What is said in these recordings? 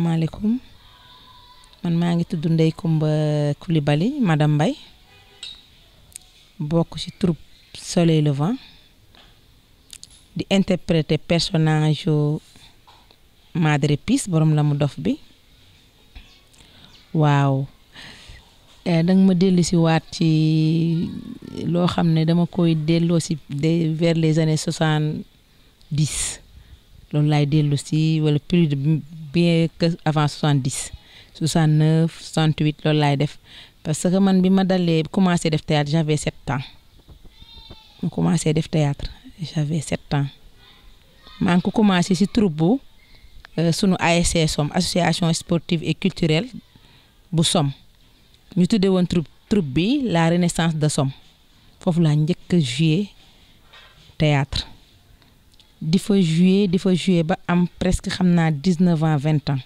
asalaamaaleykum man maa ngi tudd Ndeye Comba Coulibaly madame Mbaye bokk ci troupe Soleil Levant di interpréter personnage yu Madre Pis borom la mu dof bi waaw eh, danga ma dellu si waat ci loo xam ne dama koy delloo si de vers les années soixante-dix loolu laay dellu si wala plus bien que avant 70 69 68 loolu laay def parce que man bi ma dalee commencé def théâtre j'avais sept ans ma commencé def théâtre j'avais sept ans maa ngi ko commencé ci troupe bu euh, sunu ASC some association sportive et culturelle bu SOM ñu tuddee woon troupe troupe bi la renaissance de some foofu laa njëkk juillet jouer di fa juillet di fa jouer ba am presque xam naa dix-neuf ans vingt ans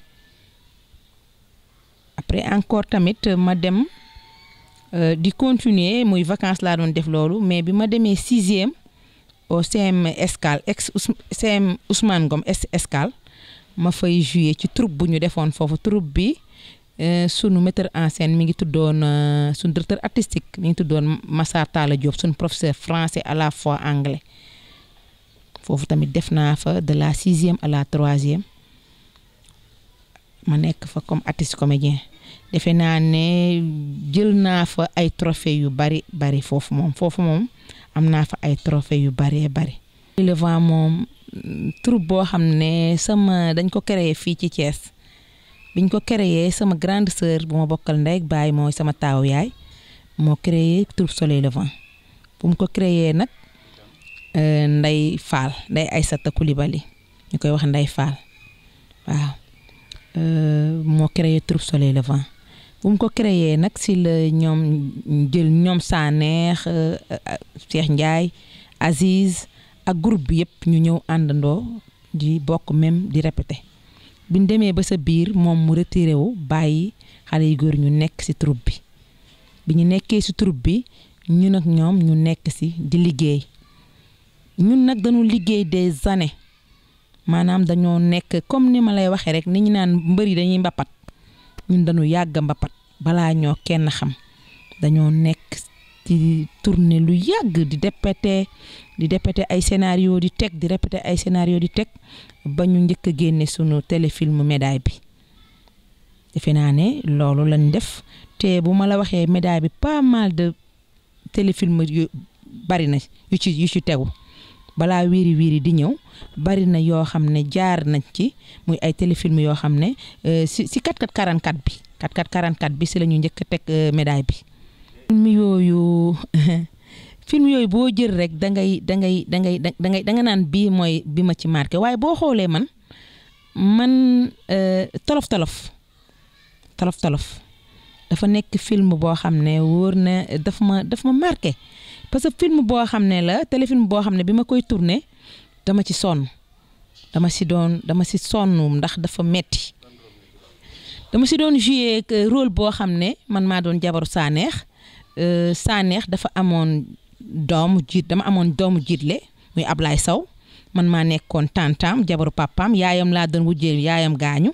après encore tamit ma dem euh, di continuer muy vacances laa doon def loolu mais bi ma demee sixième au CM Escale ex CM Ousmane ex Escale ma fay jouer ci troupe bu ñu defoon foofu troupe bi euh, sunu metteur en scène mi ngi tuddoon euh, sunu directeur artistique mi ngi tuddoon Massar Talla Diop sunu professeur français à la fois anglais. foofu tamit def naa fa de la sixième à la troisième ma nekk fa comme artiste comédien defe naa ne jël naa fa ay trophée yu bari bari foofu moom foofu moom am naa fa ay trophée yu baree bari le vent moom troupe boo xam ne sama dañ ko créé fii ci Thiès biñ ko créé sama grande seur bu ma bokkal ndey ak baay mooy sama taaw moo créé troupe Soleil Levant bu mu ko créé nag Euh, Ndeye Fall Ndeye Aysata Coulibaly ñu koy wax Ndeye Fall waaw euh, moo créé troupe Soleil vent bu mu ko créé nag si la ñoom jël ñoom saa Saneex euh, Cheikh Ndiaye Aziz ak groupe bi yëpp ñu ñëw àndandoo di bokk même di répété bi demee ba sa biir moom mu retiré wu bàyyi xale yu góor ñu nekk si troupe bi bi ñu nekkee si troupe bi ñu ak ñoom ñu nekk si di liggéey. ñun nag dañu liggéey des années maanaam dañoo nekk comme ni ma lay waxee rek ni ñu naan mbëri dañuy mbapat ñun dañu yàgg mbapat balaa ñoo kenn xam dañoo nekk ci tournée lu yàgg di répété di répété ay scénario di teg di répété ay scénario di teg ba ñu njëkk génne sunu téléfilm médaille bi defe naa ne loolu lañ def te bu ma la waxee médaille bi pas mal de téléfilm yu bari na yu ci yu ci tegu balaa wiiri wiiri di ñëw bari na yoo xam ne jaar nañ ci muy ay téléfilm yoo xam ne euh, si si 4444 bi 4444 bi si la ñu njëkk a teg euh, médaille bi. film yooyu film yooyu boo jël rek da ngay da ngay da ngay da ngay danga naan bii mooy bi ma ci marqué waaye boo xoolee man man euh, tolof tolof tolof dafa nekk film boo xam ne wóor na daf ma daf ma parce que film boo xam ne la téléfilm boo xam ne bi ma koy tourné dama ci sonn dama ci doon dama si sonn ndax dafa metti dama si doon joué role boo xam ne man maa doon jabaru Saneex euh, Saneex dafa amoon doomu jiit dama amoon doomu jiitle muy Ablaye saw man maa nekkoon tantam jabaru papaam yaayam laa doon wujjee yaayam gaañu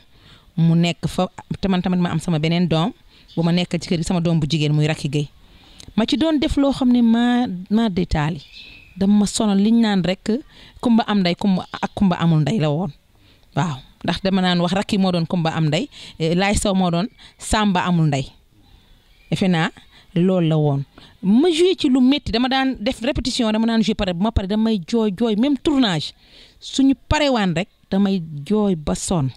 mu nekk fa te man tamit ma am sama beneen doom bu ma nekk ci kër gi sama doom bu jigéen muy Rakki Gueye ma ci doon def loo xam ne ma maa détaali dama sonal liñ naan rek kumba am nday kumba ak amul nday la woon waaw ndax dama naan wax rakki moo doon kumba am ndey eh, laay saw moo doon sàmba amul ndey defe naa loolu la woon ma joué ci lu metti dama daan def répétition dama daan joué pare ma pare damay jooy jooy même tournage suñu parewaan rek damay jooy ba sonn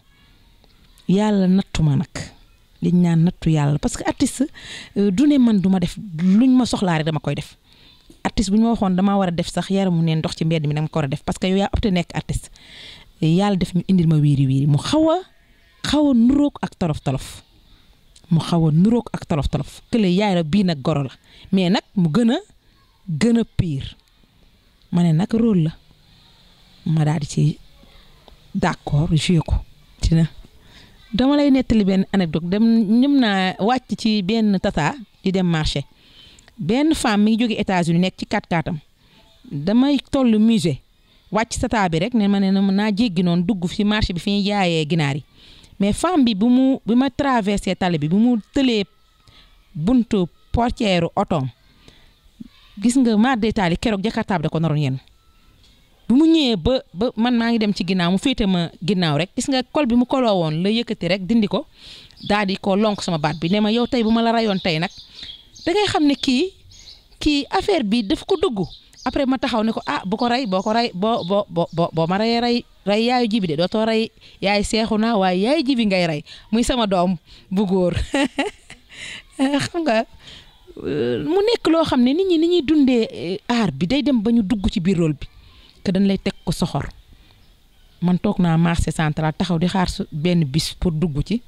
yàlla nattuma nag liñ naan nattu yàlla parce que artiste euh, du ne man duma ma def luñ ma soxlaa rek dama koy def artiste bu ñu ma waxoon damaa war a def sax yaramu neen ndox ci mbedd mi dama ko war a def parce que yow yaa yàlla def ñu indil ma wiiri wiiri mu xaw a xaw a nuroog ak tolof tolof mu xaw a ak tolof tolof kële yaay la bii nag goro la mais nag mu gën a gën a pire ma ne nag rôle la ma daal di ci d'accord joué ko dama lay nettali benn dog dem ñëm naa wàcc ci benn tata di dem marché benn femme mi ngi jóge États-Unis nekk ci kat katam damay toll musée wàcc tata bi rek ne ma ne naa jéggi noonu dugg ci marché bi fi ñuy jaayee ginaar yi mais femme bi bu mu bi ma traversé tali bi bu mu tëlee buntu portière otoom gis nga ma détaillé keroog jakartaab da ko naroon yéen. bi mu ñëwee ba ba man maa ngi dem ci ginnaaw mu féete ma ginnaaw rek gis nga kol bi mu koloo woon la yëkkati rek dindi ko daal di ko lonk sama baat bi ne ma yow tey bu ma la rayoon tey nag da xam ne kii kii affaire bi daf ko dugg après ma taxaw ne ko ah bu ko rey boo ko rey boo boo boo boo ma reyee rey rey yaayu jibi de dootoo rey yaay seexu naa waaye yaayu jibi ngay rey muy sama doom bu góor xam nga. Euh, mu nekk loo xam ne nit ñi ni ñuy dundee euh, aar bi day dem ba ñu dugg ci biir rôle bi que dañ lay teg ko soxor man toog naa marché central taxaw di xaar su benn bis pour dugg ci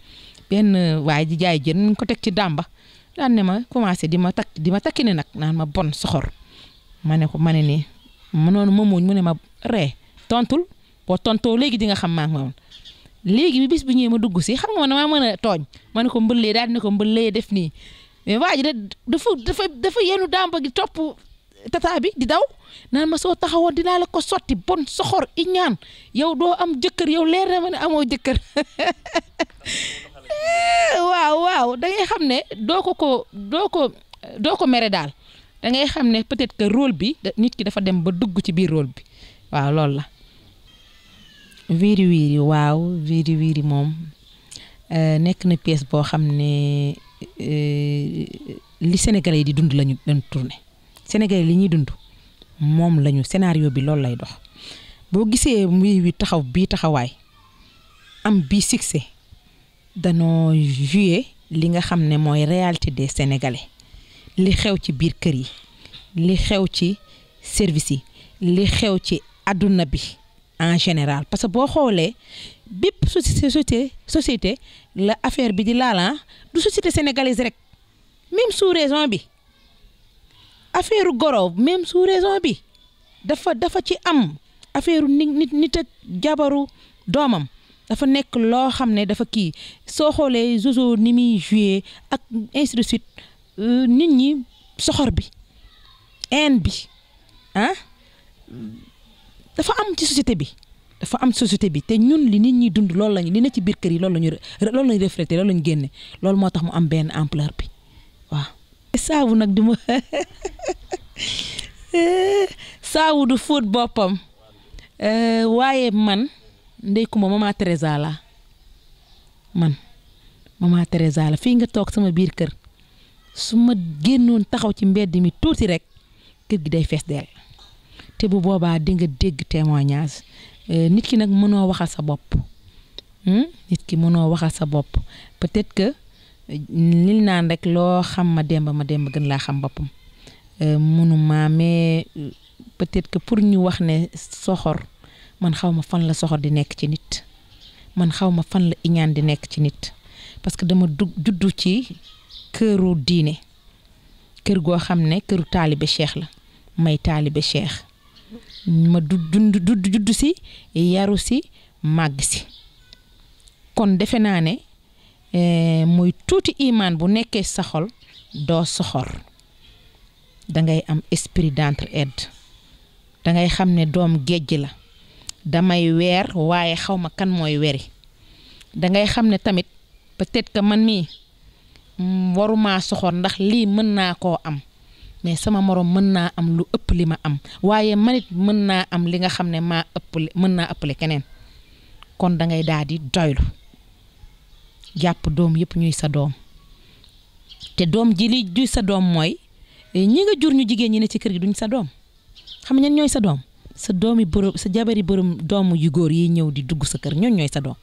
benn waaye ji jaay jën ko teg ci dàmba daan ma commencé di ma takk di ma takki ne nag naan ma bon soxor ma ne ko ma ne nii ma noonu ma muuñ mu ne ma ree tontul boo tontoo léegi di nga xam maa ngi léegi bi bis bu ñëwee ma dugg si xam nga man damaa mën a tooñ ma ne ko mbëllee daal ne ko mbëllee def nii mais waa dafa dafa dafa yenu dàmba tata bi di daw naan ma soo taxawoon dinaa la ko sotti bon soxor iñaan yow doo am jëkkër yow leer na ma ne amoo jëkkër waaw waaw dangay xam ne doo ko ko doo ko doo ko mere daal da ngay xam ne peut-être que rôle bi nit ki dafa dem ba dugg ci biir role bi waaw loolu la. wiiri wiiri waaw wiiri wiiri moom euh, nekk na pièce boo xam ne euh, li Sénégalais yi di dund lañu doon tourné Sénégalais li ñuy dund moom lañu scénario bi loolu lay dox boo gisee muy wi taxaw bii taxawaay am bii succès danoo joué li nga xam ne mooy réalité des sénégalais li xew ci biir kër yi li xew ci service yi li xew ci àdduna bi en général parce que boo xoolee bépp société société la affaire bi di laalan ah, du société sénégalaise rek même sous raison bi affaire goro même sous raison bi dafa dafa ci am affaire nit nit nit ak jabaru doomam dafa nekk loo xam ne dafa kii soo xoolee Jojo ni muy joué ak ainsi de suite euh, nit ñi soxor bi haine bi ah dafa am ci société bi dafa am société bi te ñun li nit ñi dund loolu lañu li ne ci biir kër yi loolu lañu loolu lañu reflété loolu lañu génne loolu moo tax mu am benn ampleur bi saabu nag du saabu du fóot boppam eh, waaye man ndey ma mama Teresa la man mama Teresa la fii nga toog sama biir kër su ma génnoon taxaw ci mbedd mi tuuti rek kër gi day fees dell te bu boobaa di dégg témoignage eh, nit ki nag mënoo waxal sa bopp hmm? nit ki mënoo waxal sa bopp peut-être lil naan rek loo xam ma demba ma demba gën laa xam boppam euh, mënuma mais euh, peut-être que pour ñu wax ne soxor man xaw ma fan la soxor di nekk ci nit man xaw ma fan la iñaan di nekk ci nit parce que dama dug juddu ci këru diine kër goo xam ne këru taalibe cheikh la may taalibe cheikh ma du dund juddu si yaru si màgg si kon defe naa ne Eh, muy tuuti imaan bu nekkee sa xol doo soxor dangay am esprit d'entraide dangay xam ne doom géej la damay weer waaye xaw ma kan mooy weri dangay xam ne tamit peut-être que man mii mm, waruma soxor ndax lii mën naa koo am mais sama moroom mën naa am lu ëpp li ma am waaye manit mën naa am li nga xam ne maa ëpp mën naa ëppale keneen kon dangay daal doylu jàpp doom yëpp ñuy sa doom te doom ji li sa doom mooy ñi nga jur ñu jigéen ñi ne ci kër gi duñ sa doom xam ñen ñooy sa doom sa doom yi sa jabari borom doomu yu yi ñëw di dugg sa kër ñoon ñooy sa doom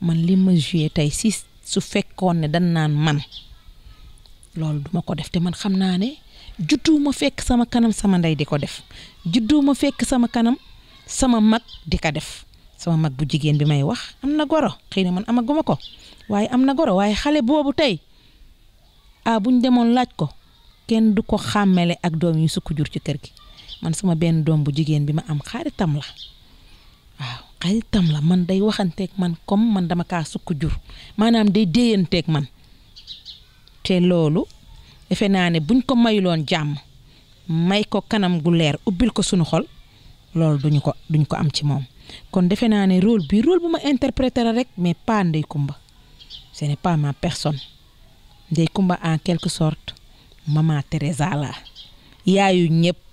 man li ma joué tey si su fekkoon ne dan naan man loolu duma ko def te man xam naa ne juddu ma fekk sama kanam sama ndey di ko def juddu ma fekk sama kanam sama mag di ko def sama mag bu jigéen bi may wax am na goro xëy na man amaguma ko waaye am na goro waaye xale boobu tey ah buñ demoon laaj ko kenn du ko xàmmele ak doom yu sukk jur ci kër gi man suma benn doom bu jigéen bi ma am xaritam la waaw xaritam la man day waxanteeg man comme man dama kaa sukk jur maanaam day déyanteeg man te loolu defe naa ne buñ ko mayuloon jàmm may ko kanam gu leer ubbil ko sunu xol loolu duñu ko duñ ko am ci moom kon defe naa ne rôle bi role bu ma interprété la rek mais pas Ndeye Coumba ce n'est pas ma personne Ndeye Kumba en quelque sorte maman Teresa la yaayu ñëpp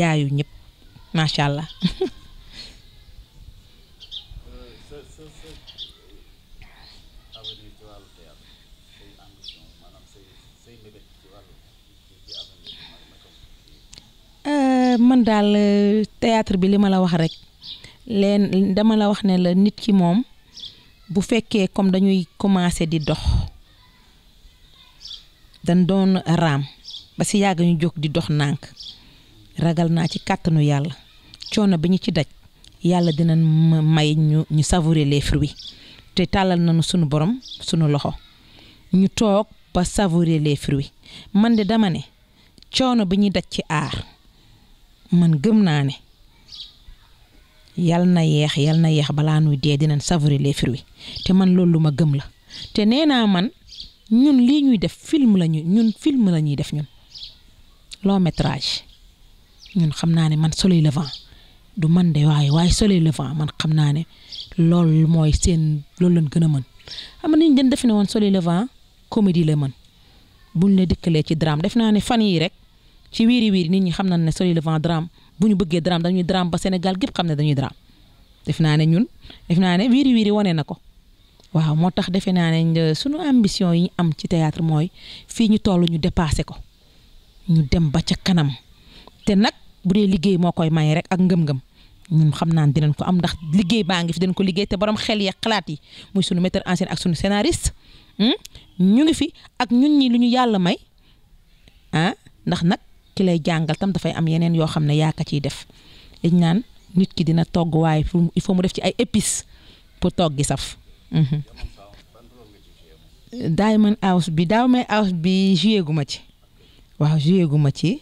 yaayu ñëpp macha allah. Euh, man daal euh, théâtre bi li ma la wax rek leen dama la wax ne la nit ki moom bu fekkee comme dañuy commencé di dox dañ doon raam ba si yàgg ñu jóg di dox nànk ragal naa ci kàttanu yàlla coono bi ñu ci daj yàlla dina may ñu ñu savourer les fruits te tàllal nanu sunu borom sunu loxo ñu toog ba savourer les fruits man di dama ne coono bi ñuy daj ci aar man gëm naa ne yal na yeex yal na yeex balaa nuy dee dinañ savourer les fruits te man loolu lu ma gëm la te nee naa man ñun lii ñuy def film la ñu ñun film la ñuy def ñun long métrage ñun xam naa ne man soleil levant du man de waaye waaye soleil levant man xam naa ne loolu mooy seen loolu lañ gën a mën xam nga niñ dañ def ne woon soleil levant comédie la mën buñ la dikkalee ci drame def naa ne fan yii rek ci wiiri wiiri nit ñi xam nañ ne soleil levant drame bu ñu bëggee drame dañuy drame ba Sénégal gépp xam ne dañuy drame def naa ne ñun def naa ne wiiri wiiri wane na ko waaw moo tax defe naa ne euh, sunu ambition yi ñu am ci théâtre mooy fii ñu toll ñu dépassé ko ñu dem ba ca kanam te nag bu dee liggéey moo koy may rek ak ngëm-ngëm ñun xam naan dinañ ko am ndax liggéey baa ngi fi den ko liggéey te borom xel ya xalaat yi muy sunu metteur en ak sunu scénariste hmm, ñu ngi fi ak ñun ñi lu ñu yàlla may ah, ndax nag. ki lay jàngal tam dafay am yeneen yoo xam ne yaa ka ciy def dañ naan nit ki dina togg waaye il faut mu def ci ay épices pour togg gi saf. Mhm. Diamond House bi Diamond House bi joué gu ma ci waaw joué gu ma ci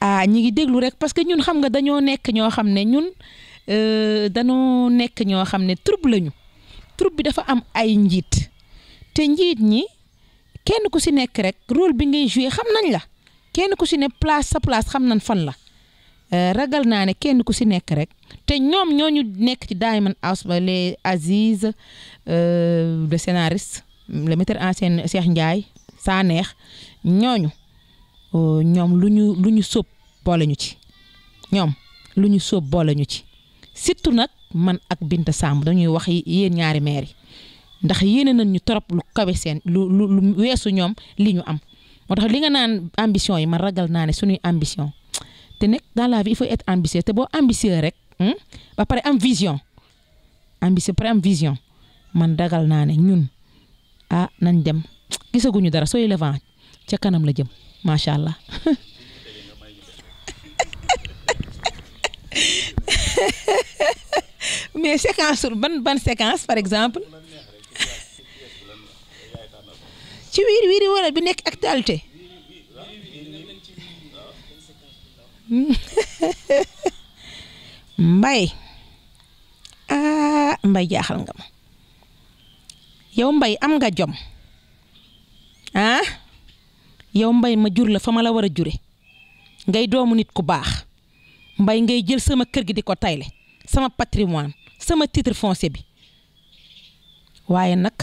ah ñi ngi déglu rek parce que ñun xam nga dañoo nekk ñoo xam ne ñun euh, dañoo nekk ñoo xam ne troupe lañu troupe bi dafa am ay njiit te njiit ñi kenn ku si nekk rek rôle bi ngay joué xam nañ la. kenn ku si ne place sa place xam nañ fan la euh, ragal naa ne kenn ku si nekk rek te ñoom ñoo ñu nekk ci Diamond House ba les Aziz euh, le scénariste le metteur en scène Cheikh Ndiaye saa neex ñooñu euh, ñoom lu ñu lu ñu sóob boole ñu ci ñoom lu ñu sóob boole ci surtout nag man ak Binta Samb dañuy wax yéen ñaari maire yi ndax yéene nañ ñu trop lu kawe seen lu weesu ñoom lii ñu am. moo tax li nga naan ambition yi ma ragal naa ne suñuy ambition te nekk dans la vie il faut être ambitieux te boo ambitieux rek hmm, ba pare am vision ambitieux pare am vision man ragal naa ne ñun ah nañ dem gisaguñu dara sooy levant ca kanam la jëm macha allah. mais séquence ban ban séquence par exemple. ci wiiri wiiri wala bi nekk actualité mbay ah, mbay jaaxal nga ma yow mbay am nga jom ah yow mbay ma jur la fa ma la war a jure ngay doomu nit ku baax mbay ngay jël sama kër gi di ko tayle sama patrimoine sama titre foncier bi waaye nag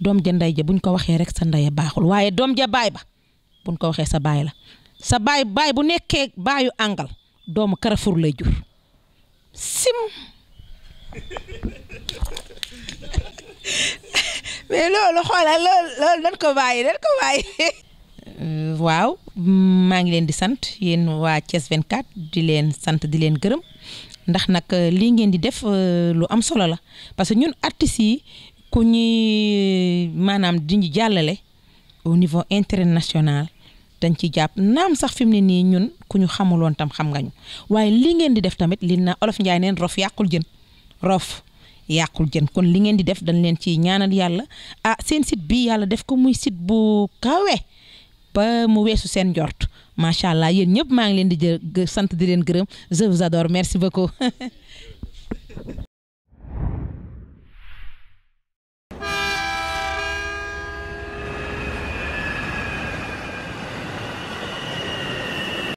doom ja ndey ja buñ ko waxee rek sa ndey baaxul waaye doom ja baay ba buñ ko waxee sa baay la sa baay baay bu nekkee baayu àngal doomu Carrefour lay jur sim mais loolu xoolal loolu loolu dañ ko bàyyi dañ ko bàyyi. waaw maa ngi leen di sant yéen waa Thiès 24 di leen sant di leen gërëm ndax nag lii ngeen di def euh, lu am solo la parce ñun artistes yi. ku ñuy maanaam di ñu jàllale au niveau international dañ ci jàpp naam sax fi mu ne nii ñun ku ñu xamuloon tam xam nga waaye li ngeen di def tamit li na olof njaay neen rof yàqul jën rof yàqul jën kon li ngeen di def dañ leen ci ñaanal yàlla ah seen site bii yàlla def ko muy site bu kawe ba mu weesu seen njort macha allah yéen ñëpp maa ngi leen di jë sant di leen gërëm je vous adore merci beaucoup.